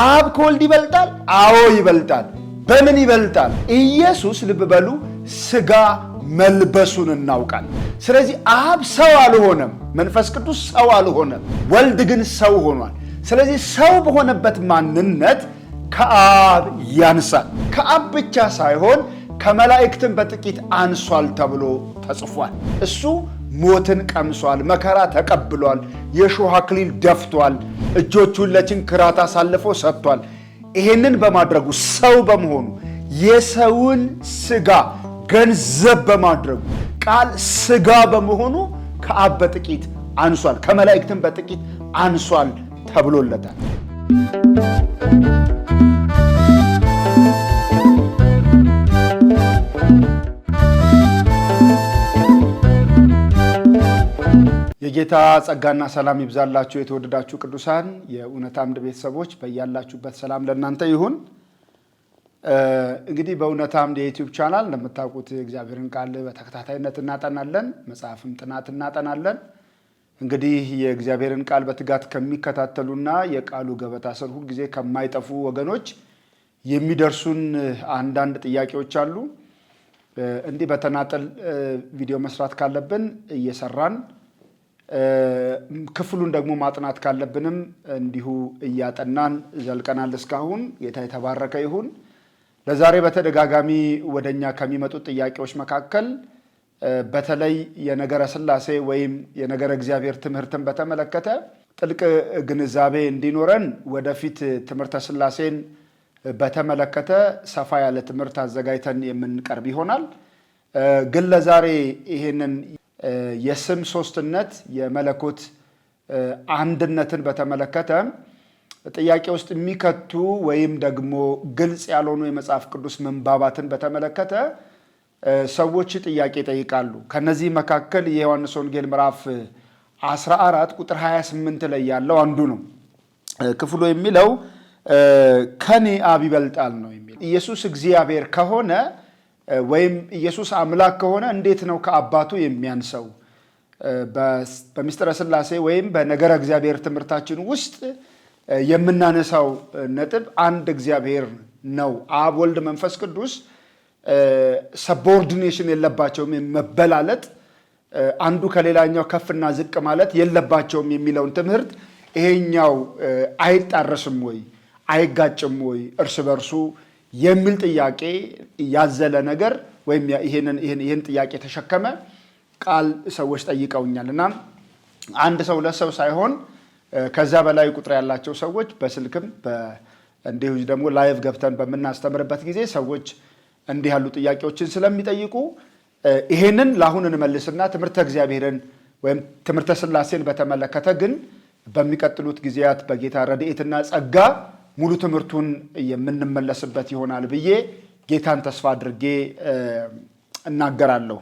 አብ ከወልድ ይበልጣል? አዎ ይበልጣል። በምን ይበልጣል? ኢየሱስ ልብ በሉ ስጋ መልበሱን እናውቃል። ስለዚህ አብ ሰው አልሆነም፣ መንፈስ ቅዱስ ሰው አልሆነም፣ ወልድ ግን ሰው ሆኗል። ስለዚህ ሰው በሆነበት ማንነት ከአብ ያንሳል። ከአብ ብቻ ሳይሆን ከመላእክትም በጥቂት አንሷል ተብሎ ተጽፏል። እሱ ሞትን ቀምሷል፣ መከራ ተቀብሏል፣ የሾህ አክሊል ደፍቷል፣ እጆቹን ለችንክራት አሳልፎ ሰጥቷል። ይሄንን በማድረጉ ሰው በመሆኑ የሰውን ስጋ ገንዘብ በማድረጉ ቃል ስጋ በመሆኑ ከአብ በጥቂት አንሷል፣ ከመላእክትም በጥቂት አንሷል ተብሎለታል። የጌታ ጸጋና ሰላም ይብዛላችሁ። የተወደዳችሁ ቅዱሳን የእውነት አምድ ቤተሰቦች በያላችሁበት ሰላም ለእናንተ ይሁን። እንግዲህ በእውነት አምድ የዩቲዩብ ቻናል እንደምታውቁት እግዚአብሔርን ቃል በተከታታይነት እናጠናለን፣ መጽሐፍም ጥናት እናጠናለን። እንግዲህ የእግዚአብሔርን ቃል በትጋት ከሚከታተሉና የቃሉ ገበታ ስር ሁልጊዜ ከማይጠፉ ወገኖች የሚደርሱን አንዳንድ ጥያቄዎች አሉ። እንዲህ በተናጠል ቪዲዮ መስራት ካለብን እየሰራን ክፍሉን ደግሞ ማጥናት ካለብንም እንዲሁ እያጠናን ዘልቀናል። እስካሁን ጌታ የተባረከ ይሁን። ለዛሬ በተደጋጋሚ ወደ እኛ ከሚመጡት ጥያቄዎች መካከል በተለይ የነገረ ስላሴ ወይም የነገረ እግዚአብሔር ትምህርትን በተመለከተ ጥልቅ ግንዛቤ እንዲኖረን ወደፊት ትምህርተ ስላሴን በተመለከተ ሰፋ ያለ ትምህርት አዘጋጅተን የምንቀርብ ይሆናል። ግን ለዛሬ ይህንን የስም ሶስትነት የመለኮት አንድነትን በተመለከተ ጥያቄ ውስጥ የሚከቱ ወይም ደግሞ ግልጽ ያልሆኑ የመጽሐፍ ቅዱስ ምንባባትን በተመለከተ ሰዎች ጥያቄ ይጠይቃሉ። ከነዚህ መካከል የዮሐንስ ወንጌል ምዕራፍ 14 ቁጥር 28 ላይ ያለው አንዱ ነው። ክፍሉ የሚለው ከኔ አብ ይበልጣል ነው የሚለው። ኢየሱስ እግዚአብሔር ከሆነ ወይም ኢየሱስ አምላክ ከሆነ እንዴት ነው ከአባቱ የሚያንሰው? በምስጢረ ስላሴ ወይም በነገረ እግዚአብሔር ትምህርታችን ውስጥ የምናነሳው ነጥብ አንድ እግዚአብሔር ነው። አብ፣ ወልድ፣ መንፈስ ቅዱስ ሰቦርዲኔሽን የለባቸውም፣ መበላለጥ፣ አንዱ ከሌላኛው ከፍና ዝቅ ማለት የለባቸውም የሚለውን ትምህርት ይሄኛው አይጣረስም ወይ አይጋጭም ወይ እርስ በርሱ የሚል ጥያቄ ያዘለ ነገር ወይም ይህን ጥያቄ ተሸከመ ቃል ሰዎች ጠይቀውኛል እና አንድ ሰው ሁለት ሰው ሳይሆን ከዛ በላይ ቁጥር ያላቸው ሰዎች በስልክም እንዲሁ ደግሞ ላይቭ ገብተን በምናስተምርበት ጊዜ ሰዎች እንዲህ ያሉ ጥያቄዎችን ስለሚጠይቁ ይሄንን ለአሁን እንመልስና ትምህርተ እግዚአብሔርን ወይም ትምህርተ ስላሴን በተመለከተ ግን በሚቀጥሉት ጊዜያት በጌታ ረድኤትና ጸጋ ሙሉ ትምህርቱን የምንመለስበት ይሆናል ብዬ ጌታን ተስፋ አድርጌ እናገራለሁ።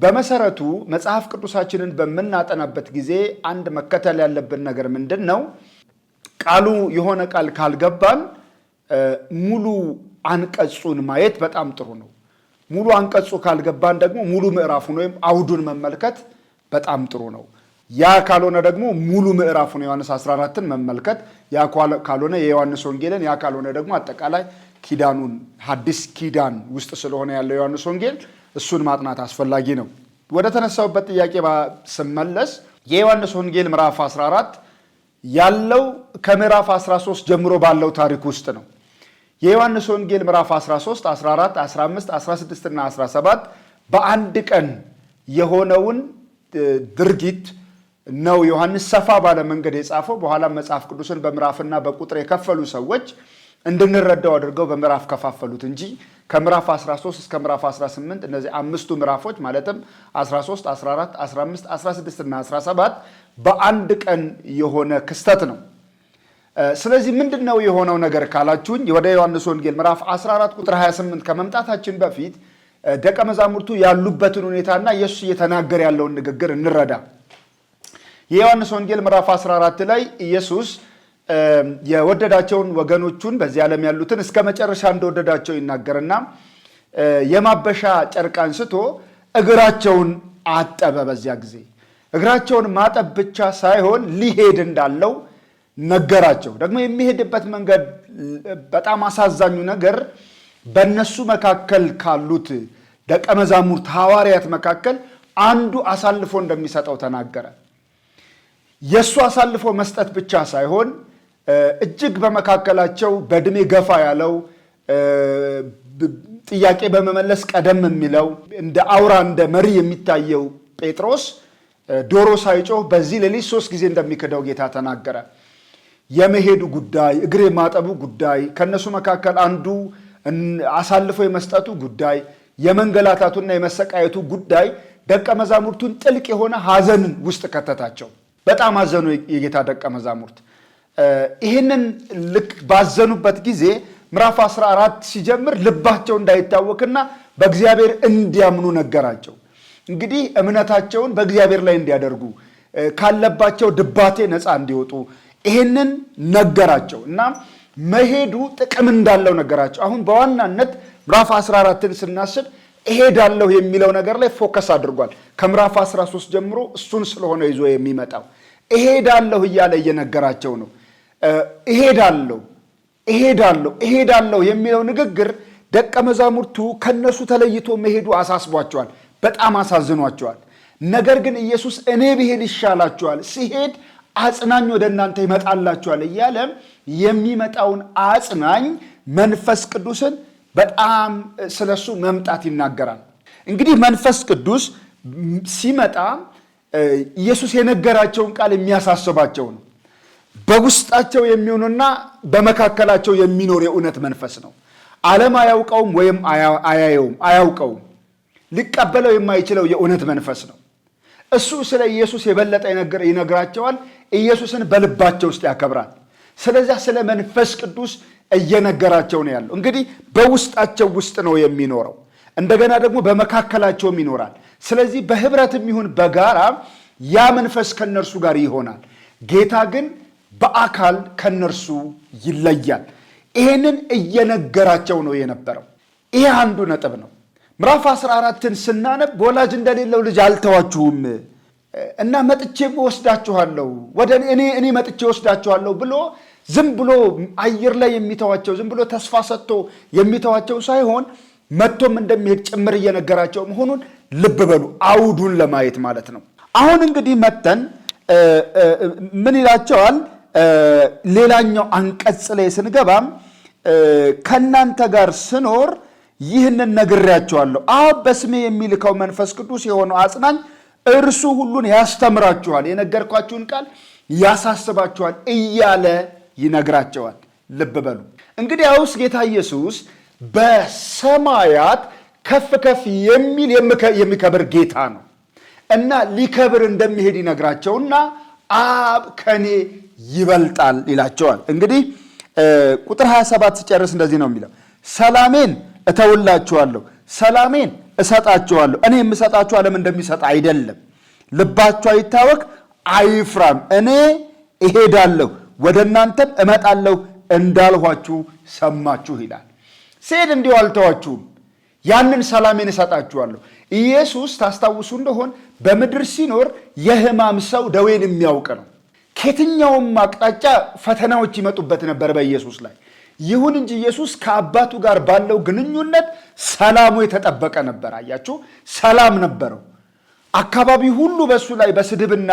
በመሰረቱ መጽሐፍ ቅዱሳችንን በምናጠናበት ጊዜ አንድ መከተል ያለብን ነገር ምንድን ነው? ቃሉ የሆነ ቃል ካልገባን ሙሉ አንቀጹን ማየት በጣም ጥሩ ነው። ሙሉ አንቀጹ ካልገባን ደግሞ ሙሉ ምዕራፉን ወይም አውዱን መመልከት በጣም ጥሩ ነው። ያ ካልሆነ ደግሞ ሙሉ ምዕራፉን ዮሐንስ 14ን መመልከት፣ ያ ካልሆነ የዮሐንስ ወንጌልን፣ ያ ካልሆነ ደግሞ አጠቃላይ ኪዳኑን ሐዲስ ኪዳን ውስጥ ስለሆነ ያለው ዮሐንስ ወንጌል እሱን ማጥናት አስፈላጊ ነው። ወደ ተነሳውበት ጥያቄ ስመለስ የዮሐንስ ወንጌል ምዕራፍ 14 ያለው ከምዕራፍ 13 ጀምሮ ባለው ታሪክ ውስጥ ነው። የዮሐንስ ወንጌል ምዕራፍ 13፣ 14፣ 15፣ 16 እና 17 በአንድ ቀን የሆነውን ድርጊት ነው ዮሐንስ ሰፋ ባለ መንገድ የጻፈው። በኋላ መጽሐፍ ቅዱስን በምዕራፍና በቁጥር የከፈሉ ሰዎች እንድንረዳው አድርገው በምዕራፍ ከፋፈሉት እንጂ ከምዕራፍ 13 እስከ ምዕራፍ 18 እነዚህ አምስቱ ምዕራፎች ማለትም 13፣ 14፣ 15፣ 16 እና 17 በአንድ ቀን የሆነ ክስተት ነው። ስለዚህ ምንድን ነው የሆነው ነገር ካላችሁኝ ወደ ዮሐንስ ወንጌል ምዕራፍ 14 ቁጥር 28 ከመምጣታችን በፊት ደቀ መዛሙርቱ ያሉበትን ሁኔታና ኢየሱስ እየተናገር ያለውን ንግግር እንረዳ። የዮሐንስ ወንጌል ምዕራፍ 14 ላይ ኢየሱስ የወደዳቸውን ወገኖቹን በዚህ ዓለም ያሉትን እስከ መጨረሻ እንደወደዳቸው ይናገርና የማበሻ ጨርቅ አንስቶ እግራቸውን አጠበ። በዚያ ጊዜ እግራቸውን ማጠብ ብቻ ሳይሆን ሊሄድ እንዳለው ነገራቸው። ደግሞ የሚሄድበት መንገድ በጣም አሳዛኙ ነገር በእነሱ መካከል ካሉት ደቀ መዛሙርት ሐዋርያት መካከል አንዱ አሳልፎ እንደሚሰጠው ተናገረ። የእሱ አሳልፎ መስጠት ብቻ ሳይሆን እጅግ በመካከላቸው በእድሜ ገፋ ያለው ጥያቄ በመመለስ ቀደም የሚለው እንደ አውራ እንደ መሪ የሚታየው ጴጥሮስ ዶሮ ሳይጮህ በዚህ ሌሊት ሶስት ጊዜ እንደሚክደው ጌታ ተናገረ። የመሄዱ ጉዳይ፣ እግር የማጠቡ ጉዳይ፣ ከእነሱ መካከል አንዱ አሳልፎ የመስጠቱ ጉዳይ፣ የመንገላታቱና የመሰቃየቱ ጉዳይ ደቀ መዛሙርቱን ጥልቅ የሆነ ሐዘን ውስጥ ከተታቸው። በጣም አዘኑ የጌታ ደቀ መዛሙርት። ይህንን ልክ ባዘኑበት ጊዜ ምዕራፍ 14 ሲጀምር ልባቸው እንዳይታወክና በእግዚአብሔር እንዲያምኑ ነገራቸው። እንግዲህ እምነታቸውን በእግዚአብሔር ላይ እንዲያደርጉ ካለባቸው ድባቴ ነፃ እንዲወጡ ይህንን ነገራቸው እና መሄዱ ጥቅም እንዳለው ነገራቸው። አሁን በዋናነት ምዕራፍ 14ን ስናስብ እሄዳለሁ የሚለው ነገር ላይ ፎከስ አድርጓል። ከምዕራፍ 13 ጀምሮ እሱን ስለሆነ ይዞ የሚመጣው እሄዳለሁ እያለ እየነገራቸው ነው። እሄዳለሁ እሄዳለሁ እሄዳለሁ የሚለው ንግግር ደቀ መዛሙርቱ ከነሱ ተለይቶ መሄዱ አሳስቧቸዋል፣ በጣም አሳዝኗቸዋል። ነገር ግን ኢየሱስ እኔ ብሄድ ይሻላችኋል፣ ሲሄድ አጽናኝ ወደ እናንተ ይመጣላችኋል እያለም የሚመጣውን አጽናኝ መንፈስ ቅዱስን በጣም ስለ እሱ መምጣት ይናገራል። እንግዲህ መንፈስ ቅዱስ ሲመጣ ኢየሱስ የነገራቸውን ቃል የሚያሳስባቸው ነው። በውስጣቸው የሚሆኑና በመካከላቸው የሚኖር የእውነት መንፈስ ነው። ዓለም አያውቀውም ወይም አያየውም፣ አያውቀውም። ሊቀበለው የማይችለው የእውነት መንፈስ ነው። እሱ ስለ ኢየሱስ የበለጠ ይነግራቸዋል። ኢየሱስን በልባቸው ውስጥ ያከብራል። ስለዚያ ስለ መንፈስ ቅዱስ እየነገራቸው ነው ያለው። እንግዲህ በውስጣቸው ውስጥ ነው የሚኖረው፣ እንደገና ደግሞ በመካከላቸውም ይኖራል። ስለዚህ በህብረትም ይሁን በጋራ ያ መንፈስ ከነርሱ ጋር ይሆናል። ጌታ ግን በአካል ከነርሱ ይለያል። ይህንን እየነገራቸው ነው የነበረው። ይሄ አንዱ ነጥብ ነው። ምዕራፍ 14ን ስናነብ ወላጅ እንደሌለው ልጅ አልተዋችሁም እና መጥቼ ወስዳችኋለሁ ወደ እኔ እኔ መጥቼ ወስዳችኋለሁ ብሎ ዝም ብሎ አየር ላይ የሚተዋቸው ዝም ብሎ ተስፋ ሰጥቶ የሚተዋቸው ሳይሆን መቶም እንደሚሄድ ጭምር እየነገራቸው መሆኑን ልብ በሉ። አውዱን ለማየት ማለት ነው። አሁን እንግዲህ መተን ምን ይላቸዋል? ሌላኛው አንቀጽ ላይ ስንገባም ከእናንተ ጋር ስኖር ይህንን ነግሬያቸዋለሁ። አብ በስሜ የሚልከው መንፈስ ቅዱስ የሆነው አጽናኝ እርሱ ሁሉን ያስተምራችኋል፣ የነገርኳችሁን ቃል ያሳስባችኋል እያለ ይነግራቸዋል። ልብ በሉ እንግዲያውስ ጌታ ኢየሱስ በሰማያት ከፍ ከፍ የሚል የሚከብር ጌታ ነው እና ሊከብር እንደሚሄድ ይነግራቸውና አብ ከኔ ይበልጣል ይላቸዋል። እንግዲህ ቁጥር 27 ሲጨርስ እንደዚህ ነው የሚለው ሰላሜን እተውላችኋለሁ፣ ሰላሜን እሰጣችኋለሁ። እኔ የምሰጣችሁ ዓለም እንደሚሰጥ አይደለም። ልባችሁ አይታወክ አይፍራም። እኔ እሄዳለሁ ወደ እናንተም እመጣለሁ እንዳልኋችሁ ሰማችሁ ይላል። ስሄድ እንዲሁ አልተዋችሁም፣ ያንን ሰላሜን እሰጣችኋለሁ። ኢየሱስ ታስታውሱ እንደሆን በምድር ሲኖር የሕማም ሰው ደዌን የሚያውቅ ነው። ከየትኛውም አቅጣጫ ፈተናዎች ይመጡበት ነበር በኢየሱስ ላይ። ይሁን እንጂ ኢየሱስ ከአባቱ ጋር ባለው ግንኙነት ሰላሙ የተጠበቀ ነበር። አያችሁ፣ ሰላም ነበረው። አካባቢ ሁሉ በእሱ ላይ በስድብና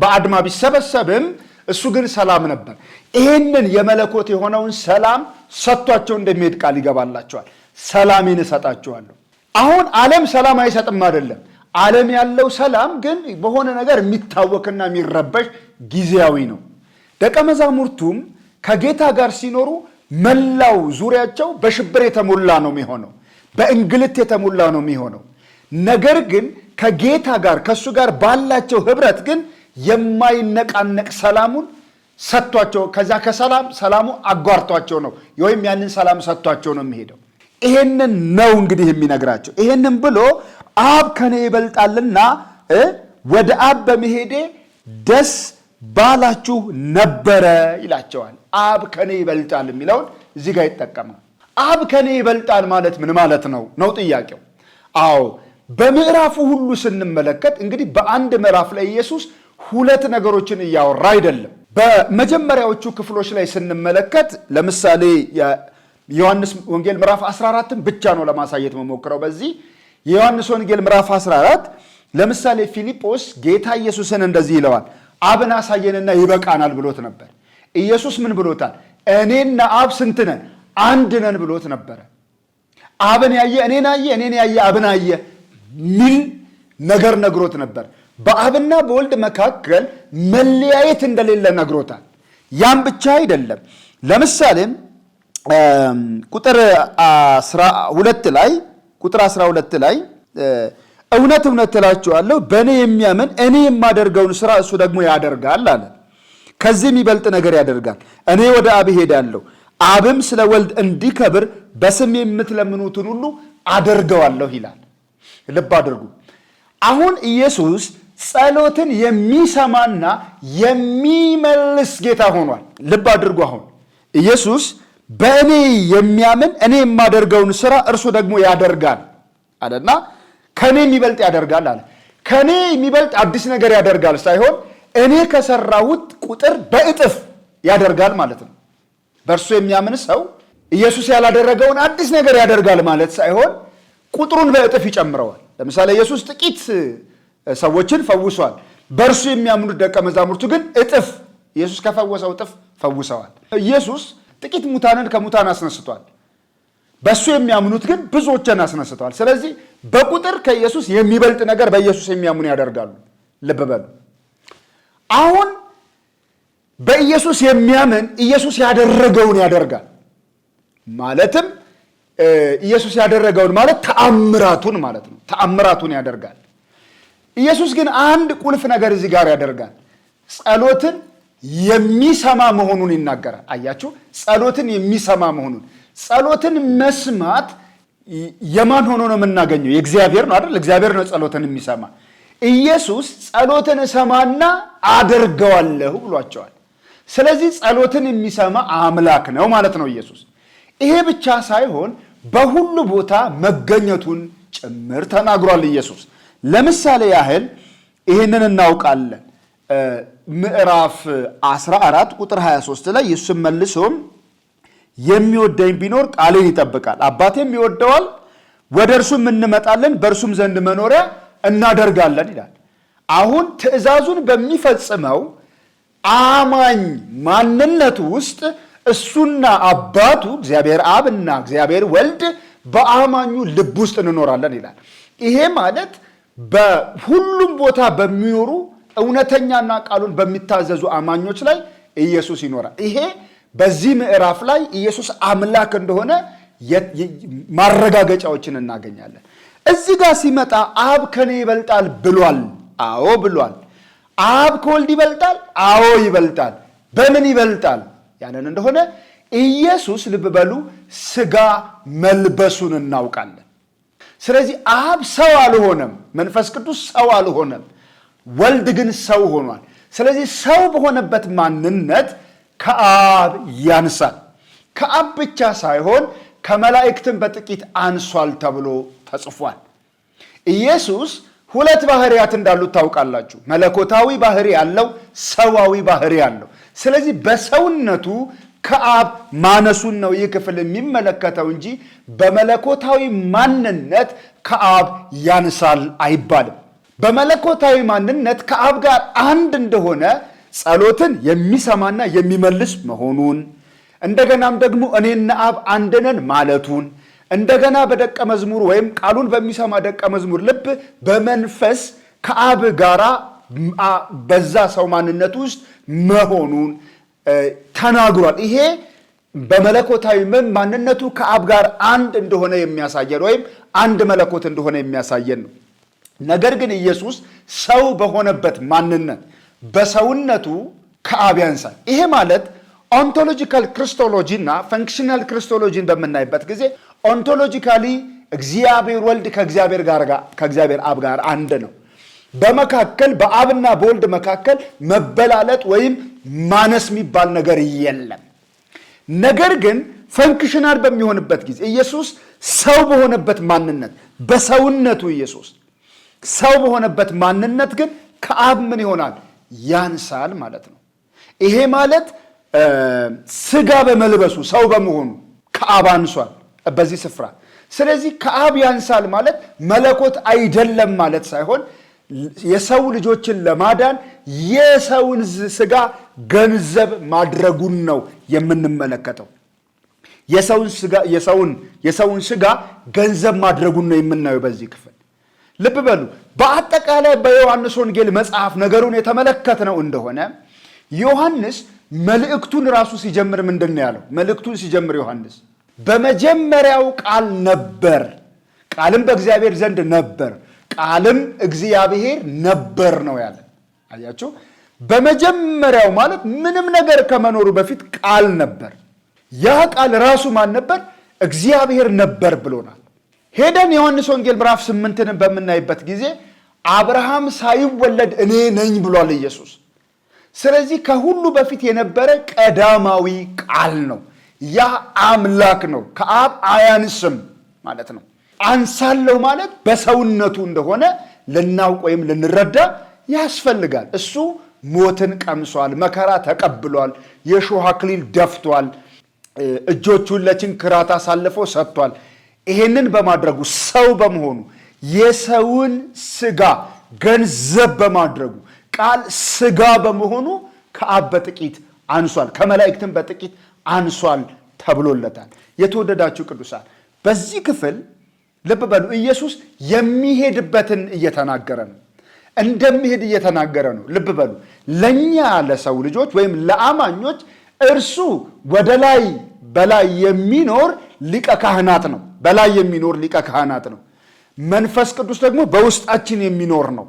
በአድማ ቢሰበሰብም እሱ ግን ሰላም ነበር። ይህንን የመለኮት የሆነውን ሰላም ሰጥቷቸው እንደሚሄድ ቃል ይገባላቸዋል። ሰላሜን እሰጣቸዋለሁ። አሁን ዓለም ሰላም አይሰጥም አይደለም። ዓለም ያለው ሰላም ግን በሆነ ነገር የሚታወክና የሚረበሽ ጊዜያዊ ነው። ደቀ መዛሙርቱም ከጌታ ጋር ሲኖሩ መላው ዙሪያቸው በሽብር የተሞላ ነው የሚሆነው፣ በእንግልት የተሞላ ነው የሚሆነው። ነገር ግን ከጌታ ጋር ከእሱ ጋር ባላቸው ህብረት ግን የማይነቃነቅ ሰላሙን ሰጥቷቸው ከዛ ከሰላም ሰላሙ አጓርቷቸው ነው ወይም ያንን ሰላም ሰጥቷቸው ነው የሚሄደው። ይሄንን ነው እንግዲህ የሚነግራቸው። ይሄንን ብሎ አብ ከኔ ይበልጣልና ወደ አብ በመሄዴ ደስ ባላችሁ ነበረ ይላቸዋል። አብ ከኔ ይበልጣል የሚለውን እዚህ ጋር ይጠቀማል። አብ ከኔ ይበልጣል ማለት ምን ማለት ነው ነው ጥያቄው። አዎ በምዕራፉ ሁሉ ስንመለከት እንግዲህ በአንድ ምዕራፍ ላይ ኢየሱስ ሁለት ነገሮችን እያወራ አይደለም። በመጀመሪያዎቹ ክፍሎች ላይ ስንመለከት ለምሳሌ የዮሐንስ ወንጌል ምዕራፍ 14ን ብቻ ነው ለማሳየት መሞክረው። በዚህ የዮሐንስ ወንጌል ምዕራፍ 14 ለምሳሌ ፊልጶስ ጌታ ኢየሱስን እንደዚህ ይለዋል፣ አብን አሳየንና ይበቃናል ብሎት ነበር። ኢየሱስ ምን ብሎታል? እኔና አብ ስንት ነን? አንድ ነን ብሎት ነበረ። አብን ያየ እኔን አየ፣ እኔን ያየ አብን አየ ሚል ነገር ነግሮት ነበር። በአብና በወልድ መካከል መለያየት እንደሌለ ነግሮታል። ያም ብቻ አይደለም። ለምሳሌም ቁጥር ሁለት ላይ ቁጥር 12 ላይ እውነት እውነት እላችኋለሁ በእኔ የሚያምን እኔ የማደርገውን ስራ እሱ ደግሞ ያደርጋል አለ። ከዚህ የሚበልጥ ነገር ያደርጋል። እኔ ወደ አብ ሄዳለሁ፣ አብም ስለ ወልድ እንዲከብር በስም የምትለምኑትን ሁሉ አደርገዋለሁ ይላል። ልብ አድርጉ። አሁን ኢየሱስ ጸሎትን የሚሰማና የሚመልስ ጌታ ሆኗል። ልብ አድርጎ አሁን ኢየሱስ በእኔ የሚያምን እኔ የማደርገውን ስራ እርሱ ደግሞ ያደርጋል አለና ከእኔ የሚበልጥ ያደርጋል አለ። ከእኔ የሚበልጥ አዲስ ነገር ያደርጋል ሳይሆን እኔ ከሰራሁት ቁጥር በእጥፍ ያደርጋል ማለት ነው። በእርሱ የሚያምን ሰው ኢየሱስ ያላደረገውን አዲስ ነገር ያደርጋል ማለት ሳይሆን ቁጥሩን በእጥፍ ይጨምረዋል። ለምሳሌ ኢየሱስ ጥቂት ሰዎችን ፈውሷል። በእርሱ የሚያምኑት ደቀ መዛሙርቱ ግን እጥፍ ኢየሱስ ከፈወሰው እጥፍ ፈውሰዋል። ኢየሱስ ጥቂት ሙታንን ከሙታን አስነስቷል። በእሱ የሚያምኑት ግን ብዙዎችን አስነስተዋል። ስለዚህ በቁጥር ከኢየሱስ የሚበልጥ ነገር በኢየሱስ የሚያምኑ ያደርጋሉ። ልብ በሉ። አሁን በኢየሱስ የሚያምን ኢየሱስ ያደረገውን ያደርጋል። ማለትም ኢየሱስ ያደረገውን ማለት ተአምራቱን ማለት ነው። ተአምራቱን ያደርጋል። ኢየሱስ ግን አንድ ቁልፍ ነገር እዚህ ጋር ያደርጋል። ጸሎትን የሚሰማ መሆኑን ይናገራል። አያችሁ፣ ጸሎትን የሚሰማ መሆኑን። ጸሎትን መስማት የማን ሆኖ ነው የምናገኘው? የእግዚአብሔር ነው አይደል? እግዚአብሔር ነው ጸሎትን የሚሰማ። ኢየሱስ ጸሎትን እሰማና አደርገዋለሁ ብሏቸዋል። ስለዚህ ጸሎትን የሚሰማ አምላክ ነው ማለት ነው ኢየሱስ። ይሄ ብቻ ሳይሆን በሁሉ ቦታ መገኘቱን ጭምር ተናግሯል ኢየሱስ ለምሳሌ ያህል ይህንን እናውቃለን። ምዕራፍ 14 ቁጥር 23 ላይ ኢየሱስም መልሶም የሚወደኝ ቢኖር ቃሌን ይጠብቃል፣ አባቴም ይወደዋል፣ ወደ እርሱም እንመጣለን፣ በእርሱም ዘንድ መኖሪያ እናደርጋለን ይላል። አሁን ትእዛዙን በሚፈጽመው አማኝ ማንነቱ ውስጥ እሱና አባቱ እግዚአብሔር አብና እግዚአብሔር ወልድ በአማኙ ልብ ውስጥ እንኖራለን ይላል። ይሄ ማለት በሁሉም ቦታ በሚኖሩ እውነተኛና ቃሉን በሚታዘዙ አማኞች ላይ ኢየሱስ ይኖራል። ይሄ በዚህ ምዕራፍ ላይ ኢየሱስ አምላክ እንደሆነ ማረጋገጫዎችን እናገኛለን። እዚህ ጋር ሲመጣ አብ ከኔ ይበልጣል ብሏል። አዎ ብሏል። አብ ከወልድ ይበልጣል። አዎ ይበልጣል። በምን ይበልጣል ያለን እንደሆነ ኢየሱስ ልብ በሉ ስጋ መልበሱን እናውቃለን። ስለዚህ አብ ሰው አልሆነም፣ መንፈስ ቅዱስ ሰው አልሆነም፣ ወልድ ግን ሰው ሆኗል። ስለዚህ ሰው በሆነበት ማንነት ከአብ ያንሳል። ከአብ ብቻ ሳይሆን ከመላእክትም በጥቂት አንሷል ተብሎ ተጽፏል። ኢየሱስ ሁለት ባህርያት እንዳሉት ታውቃላችሁ። መለኮታዊ ባህሪ ያለው፣ ሰዋዊ ባህሪ ያለው። ስለዚህ በሰውነቱ ከአብ ማነሱን ነው ይህ ክፍል የሚመለከተው እንጂ በመለኮታዊ ማንነት ከአብ ያንሳል አይባልም። በመለኮታዊ ማንነት ከአብ ጋር አንድ እንደሆነ ጸሎትን የሚሰማና የሚመልስ መሆኑን እንደገናም ደግሞ እኔና አብ አንድነን ማለቱን እንደገና በደቀ መዝሙር ወይም ቃሉን በሚሰማ ደቀ መዝሙር ልብ በመንፈስ ከአብ ጋራ በዛ ሰው ማንነት ውስጥ መሆኑን ተናግሯል። ይሄ በመለኮታዊ ማንነቱ ከአብ ጋር አንድ እንደሆነ የሚያሳየን ወይም አንድ መለኮት እንደሆነ የሚያሳየን ነው። ነገር ግን ኢየሱስ ሰው በሆነበት ማንነት በሰውነቱ ከአብ ያንሳል። ይሄ ማለት ኦንቶሎጂካል ክርስቶሎጂ እና ፈንክሽናል ክርስቶሎጂን በምናይበት ጊዜ ኦንቶሎጂካሊ እግዚአብሔር ወልድ ከእግዚአብሔር ጋር ከእግዚአብሔር አብ ጋር አንድ ነው። በመካከል በአብና በወልድ መካከል መበላለጥ ወይም ማነስ የሚባል ነገር የለም። ነገር ግን ፈንክሽናል በሚሆንበት ጊዜ ኢየሱስ ሰው በሆነበት ማንነት በሰውነቱ ኢየሱስ ሰው በሆነበት ማንነት ግን ከአብ ምን ይሆናል ያንሳል ማለት ነው። ይሄ ማለት ስጋ በመልበሱ ሰው በመሆኑ ከአብ አንሷል በዚህ ስፍራ። ስለዚህ ከአብ ያንሳል ማለት መለኮት አይደለም ማለት ሳይሆን የሰው ልጆችን ለማዳን የሰውን ስጋ ገንዘብ ማድረጉን ነው የምንመለከተው። የሰውን ስጋ ገንዘብ ማድረጉን ነው የምናየው በዚህ ክፍል። ልብ በሉ። በአጠቃላይ በዮሐንስ ወንጌል መጽሐፍ ነገሩን የተመለከትነው እንደሆነ ዮሐንስ መልእክቱን ራሱ ሲጀምር ምንድን ነው ያለው? መልእክቱን ሲጀምር ዮሐንስ በመጀመሪያው ቃል ነበር፣ ቃልም በእግዚአብሔር ዘንድ ነበር ቃልም እግዚአብሔር ነበር ነው ያለ። አያችሁ፣ በመጀመሪያው ማለት ምንም ነገር ከመኖሩ በፊት ቃል ነበር። ያ ቃል ራሱ ማን ነበር? እግዚአብሔር ነበር ብሎናል። ሄደን ዮሐንስ ወንጌል ምዕራፍ ስምንትን በምናይበት ጊዜ አብርሃም ሳይወለድ እኔ ነኝ ብሏል ኢየሱስ። ስለዚህ ከሁሉ በፊት የነበረ ቀዳማዊ ቃል ነው። ያ አምላክ ነው። ከአብ አያንስም ማለት ነው። አንሳለው ማለት በሰውነቱ እንደሆነ ልናውቅ ወይም ልንረዳ ያስፈልጋል። እሱ ሞትን ቀምሷል፣ መከራ ተቀብሏል፣ የእሾህ አክሊል ደፍቷል፣ እጆቹን ለችንክራት አሳልፎ ሰጥቷል። ይሄንን በማድረጉ ሰው በመሆኑ የሰውን ስጋ ገንዘብ በማድረጉ ቃል ስጋ በመሆኑ ከአብ በጥቂት አንሷል፣ ከመላእክትም በጥቂት አንሷል ተብሎለታል። የተወደዳችሁ ቅዱሳን በዚህ ክፍል ልብ በሉ ኢየሱስ የሚሄድበትን እየተናገረ ነው። እንደሚሄድ እየተናገረ ነው። ልብ በሉ ለእኛ ለሰው ልጆች ወይም ለአማኞች እርሱ ወደ ላይ በላይ የሚኖር ሊቀ ካህናት ነው። በላይ የሚኖር ሊቀ ካህናት ነው። መንፈስ ቅዱስ ደግሞ በውስጣችን የሚኖር ነው።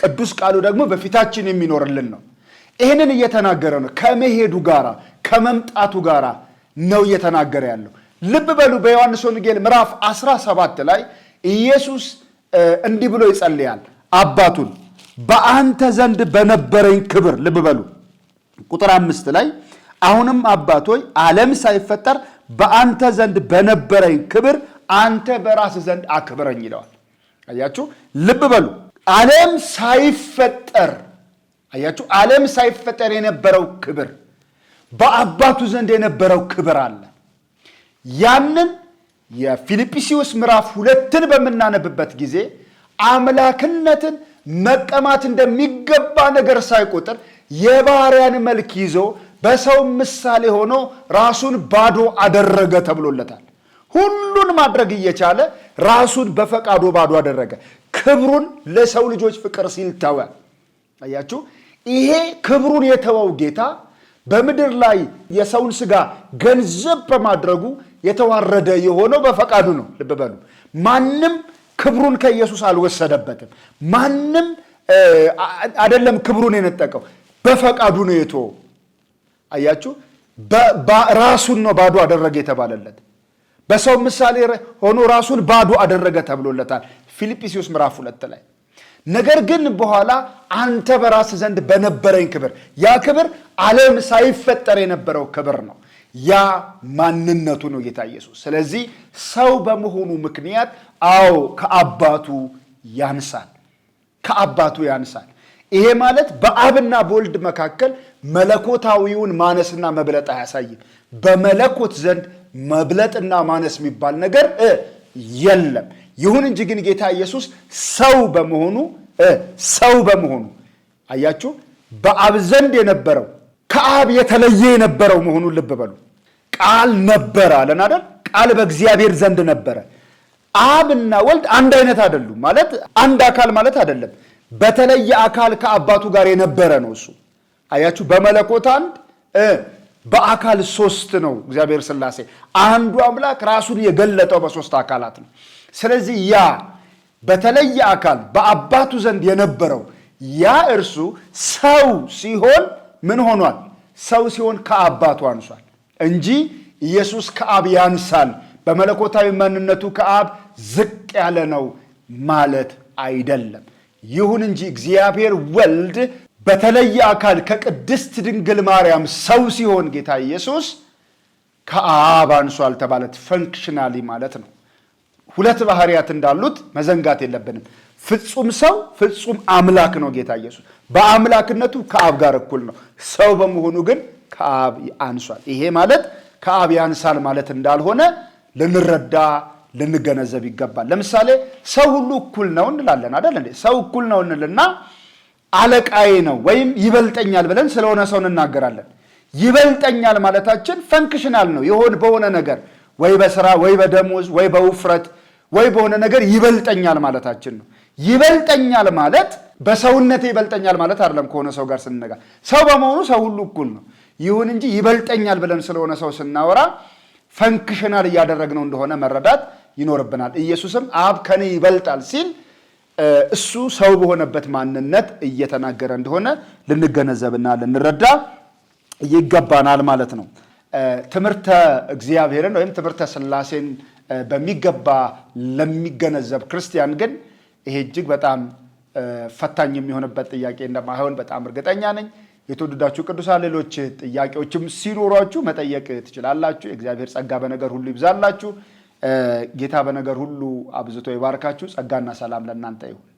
ቅዱስ ቃሉ ደግሞ በፊታችን የሚኖርልን ነው። ይህንን እየተናገረ ነው። ከመሄዱ ጋራ ከመምጣቱ ጋራ ነው እየተናገረ ያለው። ልብ በሉ በዮሐንስ ወንጌል ምዕራፍ 17 ላይ ኢየሱስ እንዲህ ብሎ ይጸልያል። አባቱን በአንተ ዘንድ በነበረኝ ክብር ልብ በሉ ቁጥር አምስት ላይ አሁንም አባቶይ ዓለም ሳይፈጠር በአንተ ዘንድ በነበረኝ ክብር አንተ በራስ ዘንድ አክብረኝ ይለዋል። አያችሁ፣ ልብ በሉ ዓለም ሳይፈጠር አያችሁ፣ ዓለም ሳይፈጠር የነበረው ክብር በአባቱ ዘንድ የነበረው ክብር አለ። ያንን የፊልጵስዩስ ምዕራፍ ሁለትን በምናነብበት ጊዜ አምላክነትን መቀማት እንደሚገባ ነገር ሳይቆጥር የባሪያን መልክ ይዞ በሰው ምሳሌ ሆኖ ራሱን ባዶ አደረገ ተብሎለታል። ሁሉን ማድረግ እየቻለ ራሱን በፈቃዱ ባዶ አደረገ። ክብሩን ለሰው ልጆች ፍቅር ሲል ተወ። አያችሁ፣ ይሄ ክብሩን የተወው ጌታ በምድር ላይ የሰውን ስጋ ገንዘብ በማድረጉ የተዋረደ የሆነው በፈቃዱ ነው። ልብ በሉ። ማንም ክብሩን ከኢየሱስ አልወሰደበትም። ማንም አይደለም ክብሩን የነጠቀው፣ በፈቃዱ ነው የቶ አያችሁ፣ ራሱን ነው ባዶ አደረገ የተባለለት። በሰው ምሳሌ ሆኖ ራሱን ባዶ አደረገ ተብሎለታል ፊልጵስዩስ ምዕራፍ ሁለት ላይ ነገር ግን በኋላ አንተ በራስ ዘንድ በነበረኝ ክብር ያ ክብር ዓለም ሳይፈጠር የነበረው ክብር ነው። ያ ማንነቱ ነው ጌታ ኢየሱስ። ስለዚህ ሰው በመሆኑ ምክንያት አዎ ከአባቱ ያንሳል፣ ከአባቱ ያንሳል። ይሄ ማለት በአብና በወልድ መካከል መለኮታዊውን ማነስና መብለጥ አያሳይም። በመለኮት ዘንድ መብለጥና ማነስ የሚባል ነገር የለም። ይሁን እንጂ ግን ጌታ ኢየሱስ ሰው በመሆኑ ሰው በመሆኑ አያችሁ፣ በአብ ዘንድ የነበረው ከአብ የተለየ የነበረው መሆኑን ልብ በሉ። ቃል ነበረ አለን አይደል? ቃል በእግዚአብሔር ዘንድ ነበረ። አብና ወልድ አንድ አይነት አይደሉም። ማለት አንድ አካል ማለት አይደለም። በተለየ አካል ከአባቱ ጋር የነበረ ነው እሱ። አያችሁ፣ በመለኮት አንድ በአካል ሶስት ነው እግዚአብሔር ስላሴ አንዱ አምላክ ራሱን የገለጠው በሶስት አካላት ነው። ስለዚህ ያ በተለየ አካል በአባቱ ዘንድ የነበረው ያ እርሱ ሰው ሲሆን ምን ሆኗል? ሰው ሲሆን ከአባቱ አንሷል እንጂ ኢየሱስ ከአብ ያንሳል፣ በመለኮታዊ ማንነቱ ከአብ ዝቅ ያለ ነው ማለት አይደለም። ይሁን እንጂ እግዚአብሔር ወልድ በተለየ አካል ከቅድስት ድንግል ማርያም ሰው ሲሆን ጌታ ኢየሱስ ከአብ አንሷል ተባለት። ፈንክሽናሊ ማለት ነው። ሁለት ባህሪያት እንዳሉት መዘንጋት የለብንም። ፍጹም ሰው ፍጹም አምላክ ነው ጌታ ኢየሱስ። በአምላክነቱ ከአብ ጋር እኩል ነው። ሰው በመሆኑ ግን ከአብ አንሷል። ይሄ ማለት ከአብ ያንሳል ማለት እንዳልሆነ ልንረዳ ልንገነዘብ ይገባል። ለምሳሌ ሰው ሁሉ እኩል ነው እንላለን አይደል? ሰው እኩል ነው እንልና አለቃዬ ነው ወይም ይበልጠኛል ብለን ስለሆነ ሰው እንናገራለን። ይበልጠኛል ማለታችን ፈንክሽናል ነው። የሆን በሆነ ነገር ወይ በስራ ወይ በደሞዝ ወይ በውፍረት ወይ በሆነ ነገር ይበልጠኛል ማለታችን ነው። ይበልጠኛል ማለት በሰውነት ይበልጠኛል ማለት አይደለም። ከሆነ ሰው ጋር ስንነጋ ሰው በመሆኑ ሰው ሁሉ እኩል ነው። ይሁን እንጂ ይበልጠኛል ብለን ስለሆነ ሰው ስናወራ ፈንክሽናል እያደረግነው እንደሆነ መረዳት ይኖርብናል። ኢየሱስም አብ ከኔ ይበልጣል ሲል እሱ ሰው በሆነበት ማንነት እየተናገረ እንደሆነ ልንገነዘብና ልንረዳ ይገባናል ማለት ነው። ትምህርተ እግዚአብሔርን ወይም ትምህርተ ስላሴን በሚገባ ለሚገነዘብ ክርስቲያን ግን ይሄ እጅግ በጣም ፈታኝ የሚሆንበት ጥያቄ እንደማይሆን በጣም እርግጠኛ ነኝ። የተወደዳችሁ ቅዱሳን ሌሎች ጥያቄዎችም ሲኖሯችሁ መጠየቅ ትችላላችሁ። የእግዚአብሔር ጸጋ በነገር ሁሉ ይብዛላችሁ። ጌታ በነገር ሁሉ አብዝቶ ይባርካችሁ። ጸጋና ሰላም ለእናንተ ይሁን።